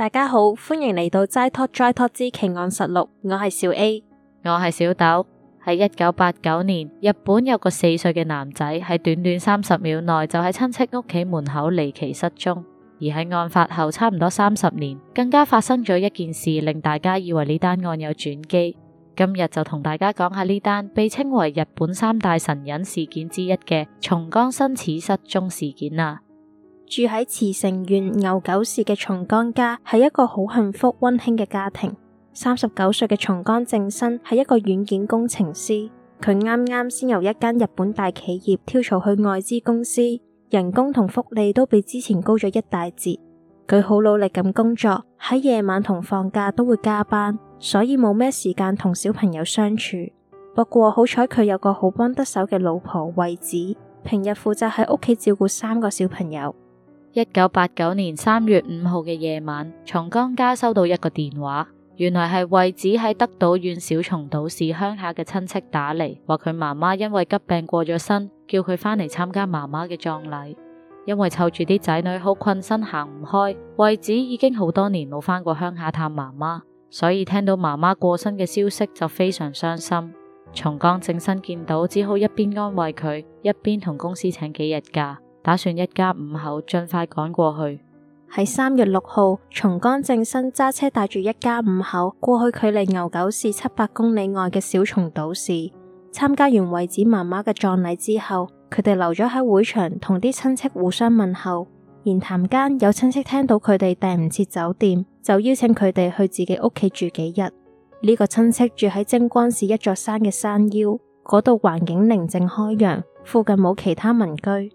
大家好，歡迎嚟到齋托齋托之奇案實錄，我係小 A，我係小豆。喺一九八九年，日本有個四歲嘅男仔，喺短短三十秒內就喺親戚屋企門口離奇失蹤。而喺案發後差唔多三十年，更加發生咗一件事，令大家以為呢單案有轉機。今日就同大家講下呢單被稱為日本三大神隱事件之一嘅松岡伸矢失蹤事件啦。住喺茨城縣牛久市嘅松岡家，係一個好幸福溫馨嘅家庭。三十九歲嘅松岡正生係一個軟件工程師，佢啱啱先由一間日本大企業跳槽去外資公司，人工同福利都比之前高咗一大截。佢好努力咁工作，喺夜晚同放假都會加班，所以冇咩時間同小朋友相處。不過好彩佢有個好幫得手嘅老婆惠子，平日負責喺屋企照顧三個小朋友。一九八九年三月五號嘅夜晚，松岡家收到一個電話，原來係惠子喺德島縣小松島市鄉下嘅親戚打嚟，話佢媽媽因為急病過咗身，叫佢返嚟參加媽媽嘅葬禮。因為湊住啲仔女好困身行唔開，惠子已經好多年冇返過鄉下探媽媽，所以聽到媽媽過身嘅消息就非常傷心。松岡正新見到，只好一邊安慰佢，一邊同公司請幾日假。打算一家五口盡快趕過去。喺三月六號，松岡正新揸車帶住一家五口過去，距離牛久市七百公里外嘅小松島市參加完惠子媽媽嘅葬禮之後，佢哋留咗喺會場同啲親戚互相問候。言談間，有親戚聽到佢哋訂唔切酒店，就邀請佢哋去自己屋企住幾日。呢、這個親戚住喺貞光市一座山嘅山腰，嗰度環境寧靜開揚，附近冇其他民居。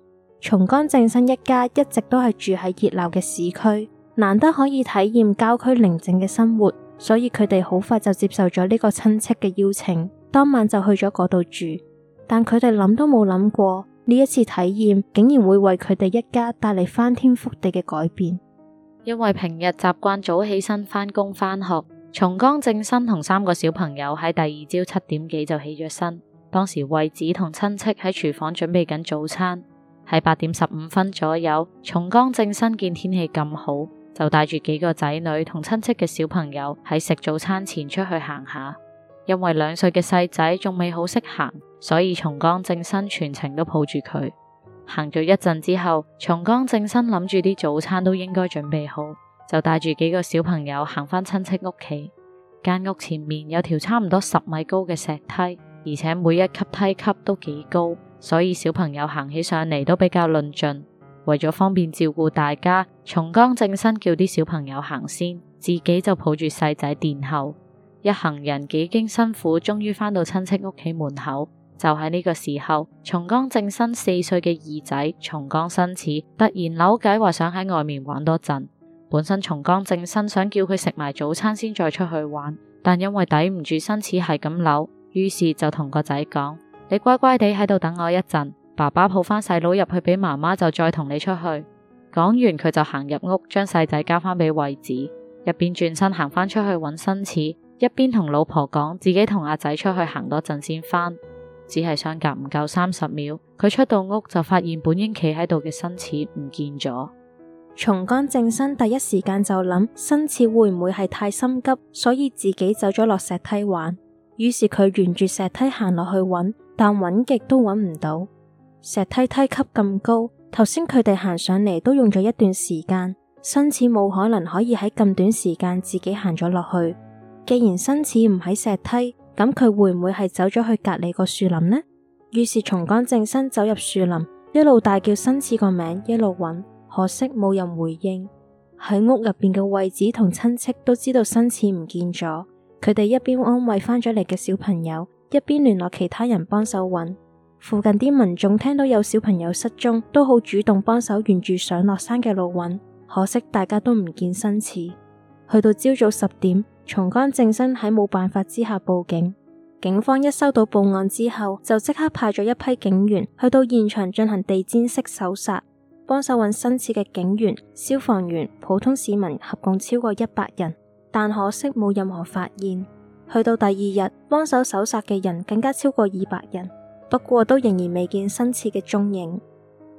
松岡正新一家一直都係住喺熱鬧嘅市區，難得可以體驗郊區寧靜嘅生活，所以佢哋好快就接受咗呢個親戚嘅邀請，當晚就去咗嗰度住。但佢哋諗都冇諗過，呢一次體驗竟然會為佢哋一家帶嚟翻天覆地嘅改變。因為平日習慣早起身返工返學，松岡正新同三個小朋友喺第二朝七點幾就起咗身。當時惠子同親戚喺廚房準備緊早餐。喺八點十五分左右，松岡正新見天氣咁好，就帶住幾個仔女同親戚嘅小朋友喺食早餐前出去行下。因為兩歲嘅細仔仲未好識行，所以松岡正新全程都抱住佢。行咗一陣之後，松岡正新諗住啲早餐都應該準備好，就帶住幾個小朋友行返親戚屋企。間屋前面有條差唔多十米高嘅石梯，而且每一級梯級都幾高。所以小朋友行起上嚟都比較論盡，為咗方便照顧大家，松岡正新叫啲小朋友行先，自己就抱住細仔殿後。一行人幾經辛苦，終於返到親戚屋企門口。就喺呢個時候，松岡正新四歲嘅二仔松岡伸矢突然扭計話想喺外面玩多陣。本身松岡正新想叫佢食埋早餐先再出去玩，但因為抵唔住伸矢係咁扭，於是就同個仔講。你乖乖地喺度等我一陣，爸爸抱返細佬入去俾媽媽，就再同你出去。講完佢就行入屋，將細仔交返俾惠子，入面轉身行返出去揾伸矢，一邊同老婆講自己同阿仔出去行多陣先返。只係相隔唔夠三十秒，佢出到屋就發現本應企喺度嘅伸矢唔見咗。松岡正身，第一時間就諗伸矢會唔會係太心急，所以自己走咗落石梯玩，於是佢沿住石梯行落去揾。但揾極都揾唔到，石梯梯級咁高，頭先佢哋行上嚟，都用咗一段時間，伸矢冇可能可以喺咁短時間自己行咗落去。既然伸矢唔喺石梯，咁佢會唔會係走咗去隔離個樹林呢？於是松岡正身走入樹林，一路大叫伸矢個名，一路揾，可惜冇人回應。喺屋入邊嘅惠子同親戚都知道伸矢唔見咗，佢哋一邊安慰翻咗嚟嘅小朋友。一邊聯絡其他人幫手揾。附近啲民眾聽到有小朋友失蹤，都好主動幫手沿住上落山嘅路揾。可惜大家都唔見伸矢。去到朝早十點，松岡正伸喺冇辦法之下報警，警方一收到報案之後，就即刻派咗一批警員去到現場進行地毯式搜索，幫手揾伸矢嘅警員、消防員、普通市民合共超過一百人，但可惜冇任何發現。去到第二日，幫手搜殺嘅人更加超過二百人，不過都仍然未見伸矢嘅蹤影。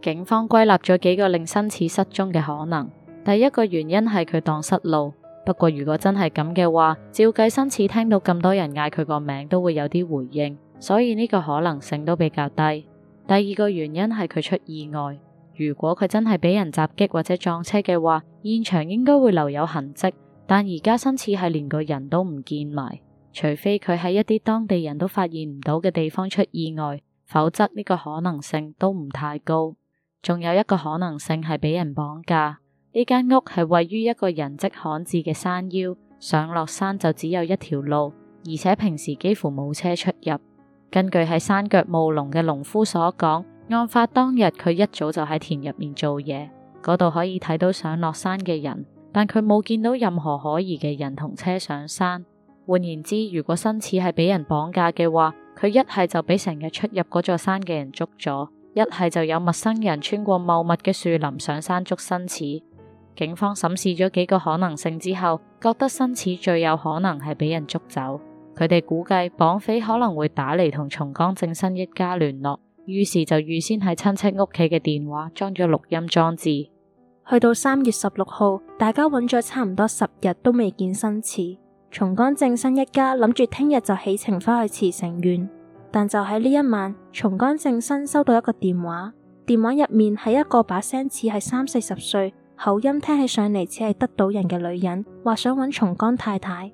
警方歸納咗幾個令伸矢失蹤嘅可能，第一個原因係佢蕩失路，不過如果真係咁嘅話，照計伸矢聽到咁多人嗌佢個名，都會有啲回應，所以呢個可能性都比較低。第二個原因係佢出意外，如果佢真係俾人襲擊或者撞車嘅話，現場應該會留有痕跡，但而家伸矢係連個人都唔見埋。除非佢喺一啲當地人都發現唔到嘅地方出意外，否則呢個可能性都唔太高。仲有一個可能性係俾人綁架。呢間屋係位於一個人跡罕至嘅山腰，上落山就只有一條路，而且平時幾乎冇車出入。根據喺山腳務農嘅農夫所講，案發當日佢一早就喺田入面做嘢，嗰度可以睇到上落山嘅人，但佢冇見到任何可疑嘅人同車上山。換言之，如果伸矢係俾人綁架嘅話，佢一係就俾成日出入嗰座山嘅人捉咗，一係就有陌生人穿過茂密嘅樹林上山捉伸矢。警方審視咗幾個可能性之後，覺得伸矢最有可能係俾人捉走。佢哋估計綁匪可能會打嚟同松岡正新一家聯絡，於是就預先喺親戚屋企嘅電話裝咗錄音裝置。去到三月十六號，大家揾咗差唔多十日都未見伸矢。松岡伸矢一家諗住聽日就起程翻去茨城縣，但就喺呢一晚，松岡伸矢收到一個電話，電話入面係一個把聲似係三四十歲，口音聽起上嚟似係德島人嘅女人，話想揾松岡太太。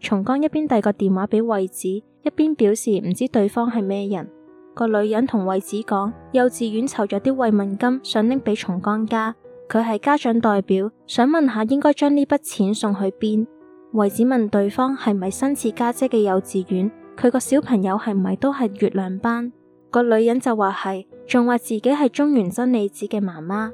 松岡一邊遞個電話俾惠子，一邊表示唔知對方係咩人。個女人同惠子講，幼稚園籌咗啲慰問金，想拎俾松岡家，佢係家長代表，想問下應該將呢筆錢送去邊。惠子問對方係咪伸矢家姐嘅幼稚園，佢個小朋友係咪都係月亮班？個女人就話係，仲話自己係中原真理子嘅媽媽。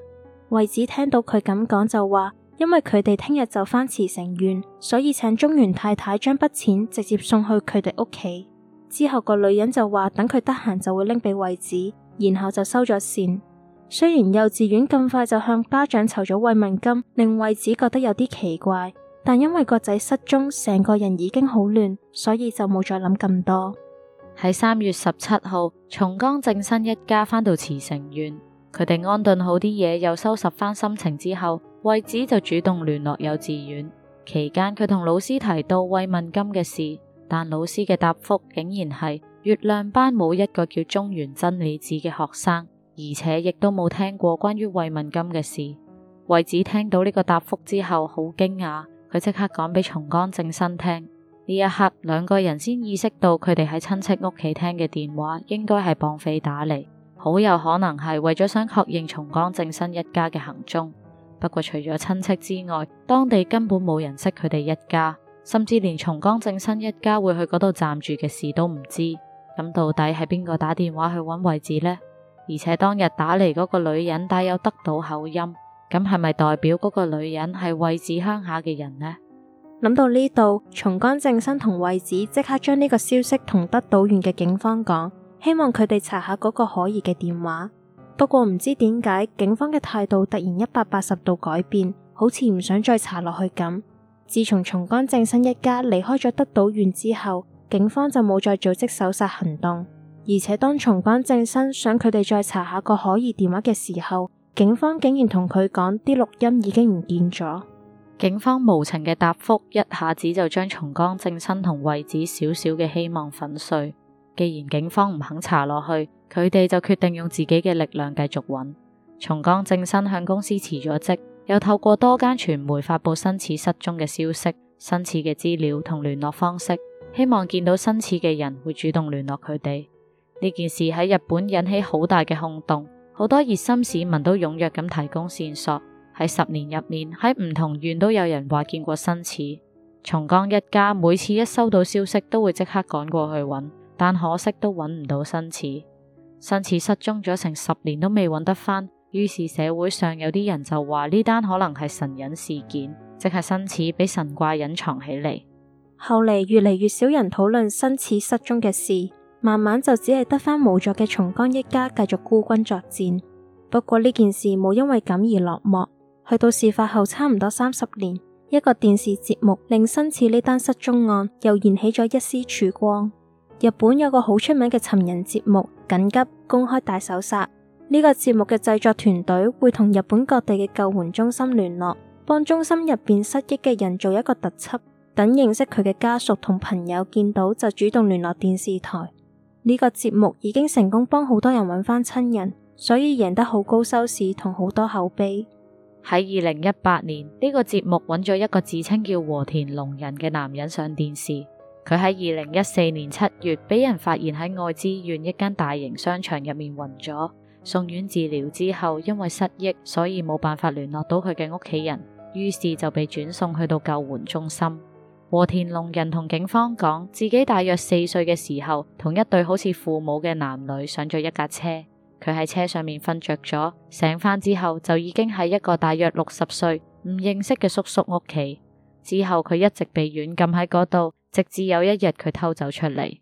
惠子聽到佢咁講就話，因為佢哋聽日就返茨城縣，所以請中原太太將筆錢直接送去佢哋屋企。之後個女人就話等佢得閒就會拎俾惠子，然後就收咗線。雖然幼稚園咁快就向家長籌咗慰問金，令惠子覺得有啲奇怪。但因為個仔失蹤，成個人已經好亂，所以就冇再諗咁多。喺三月十七號，松岡正新一家返到茨城縣，佢哋安頓好啲嘢，又收拾翻心情之後，惠子就主動聯絡幼稚園。期間佢同老師提到慰問金嘅事，但老師嘅答覆竟然係月亮班冇一個叫中原真理子嘅學生，而且亦都冇聽過關於慰問金嘅事。惠子聽到呢個答覆之後，好驚訝。佢即刻講俾松岡正新聽，呢一刻兩個人先意識到佢哋喺親戚屋企聽嘅電話應該係綁匪打嚟，好有可能係為咗想確認松岡正新一家嘅行蹤。不過除咗親戚之外，當地根本冇人識佢哋一家，甚至連松岡正新一家會去嗰度暫住嘅事都唔知。咁到底係邊個打電話去揾位置呢？而且當日打嚟嗰個女人帶有德島口音。咁係咪代表嗰個女人係惠子鄉下嘅人呢？諗到呢度，松岡正新同惠子即刻將呢個消息同德島縣嘅警方講，希望佢哋查下嗰個可疑嘅電話。不過唔知點解，警方嘅態度突然一百八十度改變，好似唔想再查落去咁。自從松岡正新一家離開咗德島縣之後，警方就冇再組織搜殺行動。而且當松岡正新想佢哋再查下個可疑電話嘅時候，警方竟然同佢講啲錄音已經唔見咗。警方無情嘅答覆，一下子就將松岡正新同惠子少少嘅希望粉碎。既然警方唔肯查落去，佢哋就決定用自己嘅力量繼續揾。松岡正新向公司辭咗職，又透過多間傳媒發布伸矢失蹤嘅消息、伸矢嘅資料同聯絡方式，希望見到伸矢嘅人會主動聯絡佢哋。呢件事喺日本引起好大嘅轟動。好多熱心市民都踴躍咁提供線索，喺十年入面，喺唔同縣都有人話見過伸矢。松岡一家每次一收到消息，都會即刻趕過去揾，但可惜都揾唔到伸矢。伸矢失蹤咗成十年都未揾得返，於是社會上有啲人就話呢單可能係神隱事件，即係伸矢俾神怪隱藏起嚟。後嚟越嚟越少人討論伸矢失蹤嘅事。慢慢就只係得返無助嘅松岡一家繼續孤軍作戰。不過呢件事冇因為咁而落幕，去到事發後差唔多三十年，一個電視節目令伸矢呢單失蹤案又燃起咗一絲曙光。日本有個好出名嘅尋人節目《緊急公開大搜殺》呢個節目嘅製作團隊會同日本各地嘅救援中心聯絡，幫中心入邊失憶嘅人做一個特輯，等認識佢嘅家屬同朋友見到就主動聯絡電視台。呢個節目已經成功幫好多人揾翻親人，所以贏得好高收視同好多口碑。喺二零一八年，呢個節目揾咗一個自稱叫和田龍人嘅男人上電視。佢喺二零一四年七月俾人發現喺愛知縣一間大型商場入面暈咗，送院治療之後，因為失憶，所以冇辦法聯絡到佢嘅屋企人，於是就被轉送去到救援中心。和田龍人同警方講，自己大約四歲嘅時候，同一對好似父母嘅男女上咗一架車，佢喺車上面瞓着咗，醒返之後就已經喺一個大約六十歲唔認識嘅叔叔屋企。之後佢一直被軟禁喺嗰度，直至有一日佢偷走出嚟。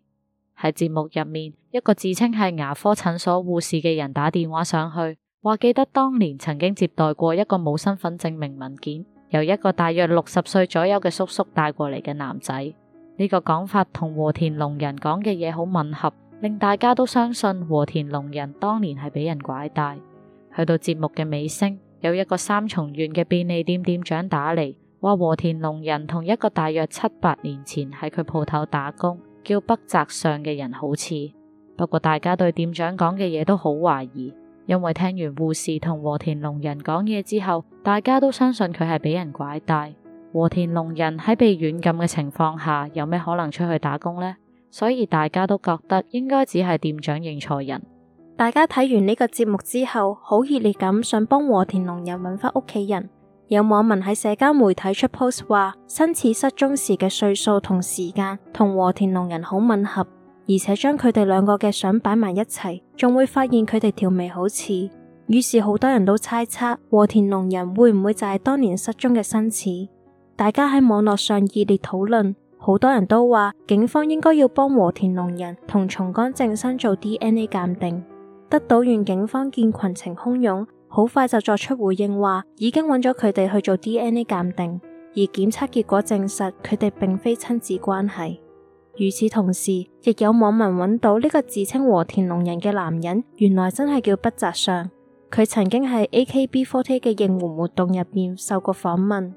喺節目入面，一個自稱係牙科診所護士嘅人打電話上去，話記得當年曾經接待過一個冇身份證明文件。由一個大約六十歲左右嘅叔叔帶過嚟嘅男仔，呢、這個講法同和、和田龍人講嘅嘢好吻合，令大家都相信和田龍人當年係俾人拐帶。去到節目嘅尾聲，有一個三重縣嘅便利店店長打嚟，話和田龍人同一個大約七八年前喺佢鋪頭打工叫北澤上嘅人好似。不過大家對店長講嘅嘢都好懷疑。因為聽完護士同和,和田龍人講嘢之後，大家都相信佢係俾人拐帶。和田龍人喺被軟禁嘅情況下，有咩可能出去打工呢？所以大家都覺得應該只係店長認錯人。大家睇完呢個節目之後，好熱烈咁想幫和田龍人揾返屋企人。有網民喺社交媒體出 post 話，伸矢失蹤時嘅歲數同時間同和,和田龍人好吻合。而且將佢哋兩個嘅相擺埋一齊，仲會發現佢哋條眉好似，於是好多人都猜測和田龍人會唔會就係當年失蹤嘅伸矢。大家喺網絡上熱烈討論，好多人都話警方應該要幫和田龍人同松岡正生做 DNA 鑑定。德島縣警方見群情洶湧，好快就作出回應話已經揾咗佢哋去做 DNA 鑑定，而檢測結果證實佢哋並非親子關係。與此同時，亦有網民揾到呢個自稱和田龍人嘅男人，原來真係叫北澤尚。佢曾經喺 AKB48 嘅應援活動入面受過訪問，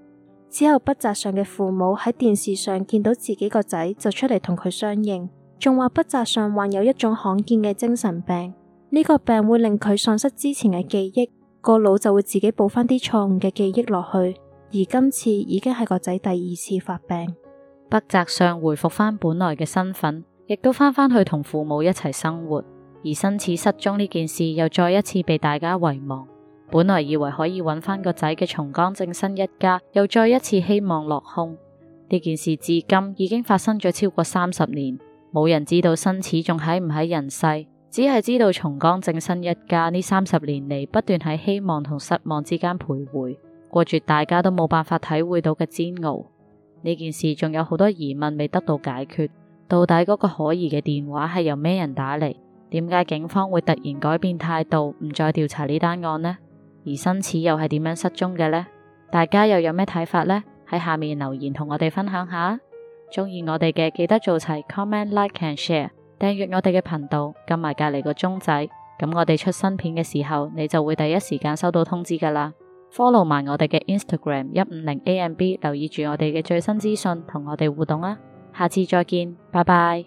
之後北澤尚嘅父母喺電視上見到自己個仔就出嚟同佢相認，仲話北澤尚患有一種罕見嘅精神病，呢個病會令佢喪失之前嘅記憶，個腦就會自己補翻啲錯誤嘅記憶落去，而今次已經係個仔第二次發病。北澤上回復返本來嘅身份，亦都返返去同父母一齊生活，而伸矢失蹤呢件事又再一次被大家遺忘。本來以為可以揾翻個仔嘅松岡正新一家，又再一次希望落空。呢件事至今已經發生咗超過三十年，冇人知道伸矢仲喺唔喺人世，只係知道松岡正新一家呢三十年嚟不斷喺希望同失望之間徘徊，過住大家都冇辦法體會到嘅煎熬。呢件事仲有好多疑問未得到解決，到底嗰個可疑嘅電話係由咩人打嚟？點解警方會突然改變態度，唔再調查呢單案呢？而伸矢又係點樣失蹤嘅呢？大家又有咩睇法呢？喺下面留言同我哋分享下。鍾意我哋嘅記得做齊 comment、like and share，訂閱我哋嘅頻道，撳埋隔籬個鐘仔，咁我哋出新片嘅時候，你就會第一時間收到通知噶啦。Follow 埋我哋嘅 Instagram 一五零 AMB，留意住我哋嘅最新資訊，同我哋互動啊！下次再見，拜拜。